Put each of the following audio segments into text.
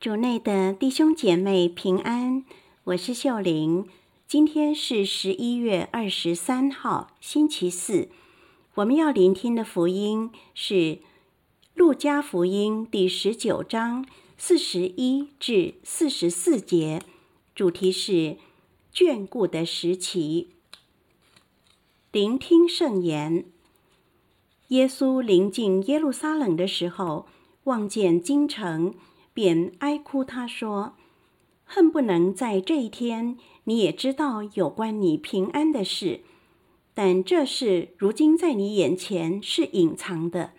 主內的弟兄姐妹平安，我是秀玲。今天是十一月二十三號，星期四。我們要聆聽的福音是《路加福音》第十九章四十一至四十四節，主題是“眷顧的時期”。聆聽聖言。耶穌臨近耶路撒冷的時候，望見京城，便哀哭，她說：“恨不能在這一天，你也知道有關你平安的事。但這事如今在你眼前是隱藏的。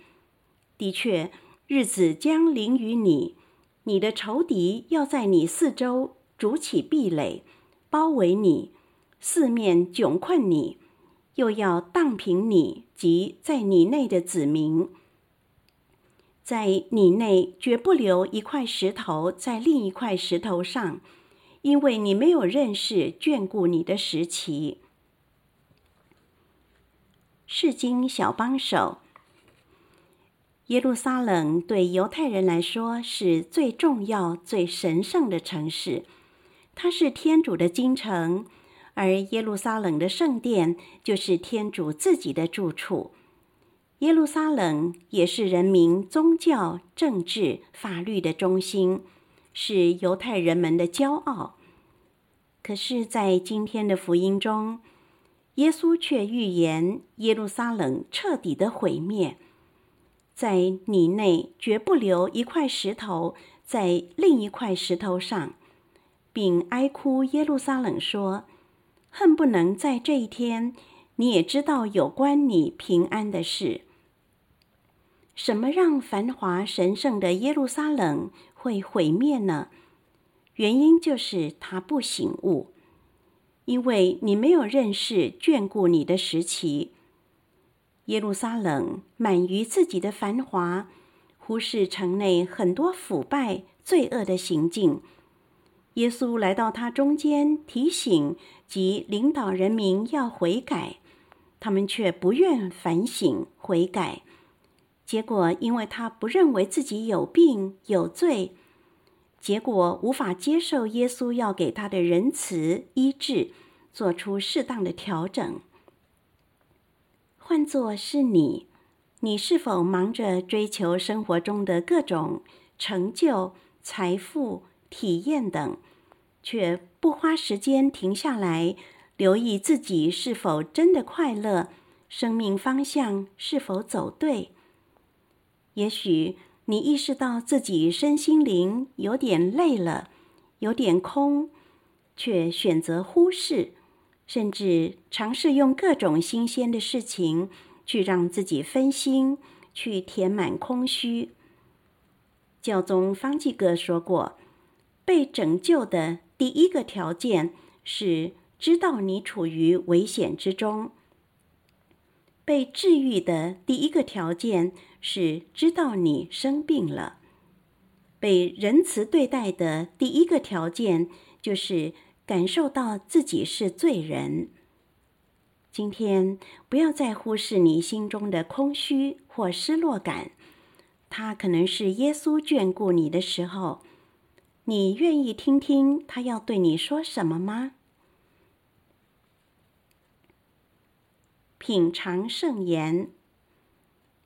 的確，日子將臨於你，你的仇敵要在你四周築起壁壘，包圍你，四面窘困你，又要蕩平你及在你內的子民。”在你內絕不留一塊石頭在另一塊石頭上，因為你沒有認識眷顧你的時期。釋經小幫手。耶路撒冷對猶太人來說是最重要、最神聖的城市，它是天主的京城，而耶路撒冷的聖殿就是天主自己的住處。耶路撒冷也是人民、宗教、政治、法律的中心，是猶太人們的驕傲。可是，在今天的福音中，耶穌卻預言耶路撒冷徹底的毀滅，在你內絕不留一塊石頭在另一塊石頭上，並哀哭耶路撒冷說：“恨不能在這一天，你也知道有關你平安的事。”什麼讓繁華神聖的耶路撒冷會毀滅呢？原因就是他不醒悟，因為你沒有認識眷顧你的時期。耶路撒冷滿於自己的繁華，忽視城內很多腐敗罪惡的行徑。耶穌來到他中間，提醒及領導人民要悔改，他們卻不願反省悔改。結果，因為他不認為自己有病有罪，結果無法接受耶穌要給他的仁慈醫治，做出適當的調整。換作是你，你是否忙着追求生活中的各種成就、財富、體驗等，卻不花時間停下來留意自己是否真的快樂，生命方向是否走對？也許你意識到自己身心靈有點累了，有點空，卻選擇忽視，甚至嘗試用各種新鮮的事情去讓自己分心，去填滿空虛。教宗方濟各說過：“被拯救的第一個條件是知道你處於危險之中。”被治癒的第一個條件是知道你生病了；被仁慈對待的第一個條件就是感受到自己是罪人。今天，不要再忽視你心中的空虛或失落感，它可能是耶穌眷顧你的時候。你願意聽聽他要對你說什麼嗎？品嘗聖言，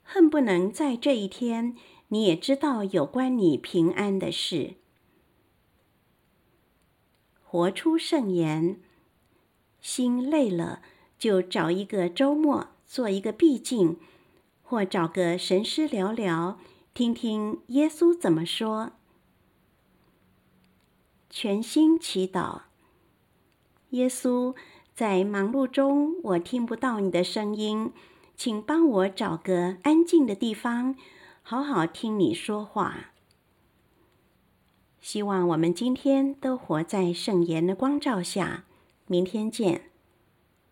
恨不能在這一天，你也知道有關你平安的事。活出聖言，心累了，就找一個周末做一個避靜，或找個神師聊聊，聽聽耶穌怎麼說。全心祈禱，耶穌。在忙碌中，我聽不到你的聲音，請幫我找個安靜的地方，好好聽你說話。希望我們今天都活在聖言的光照下，明天見。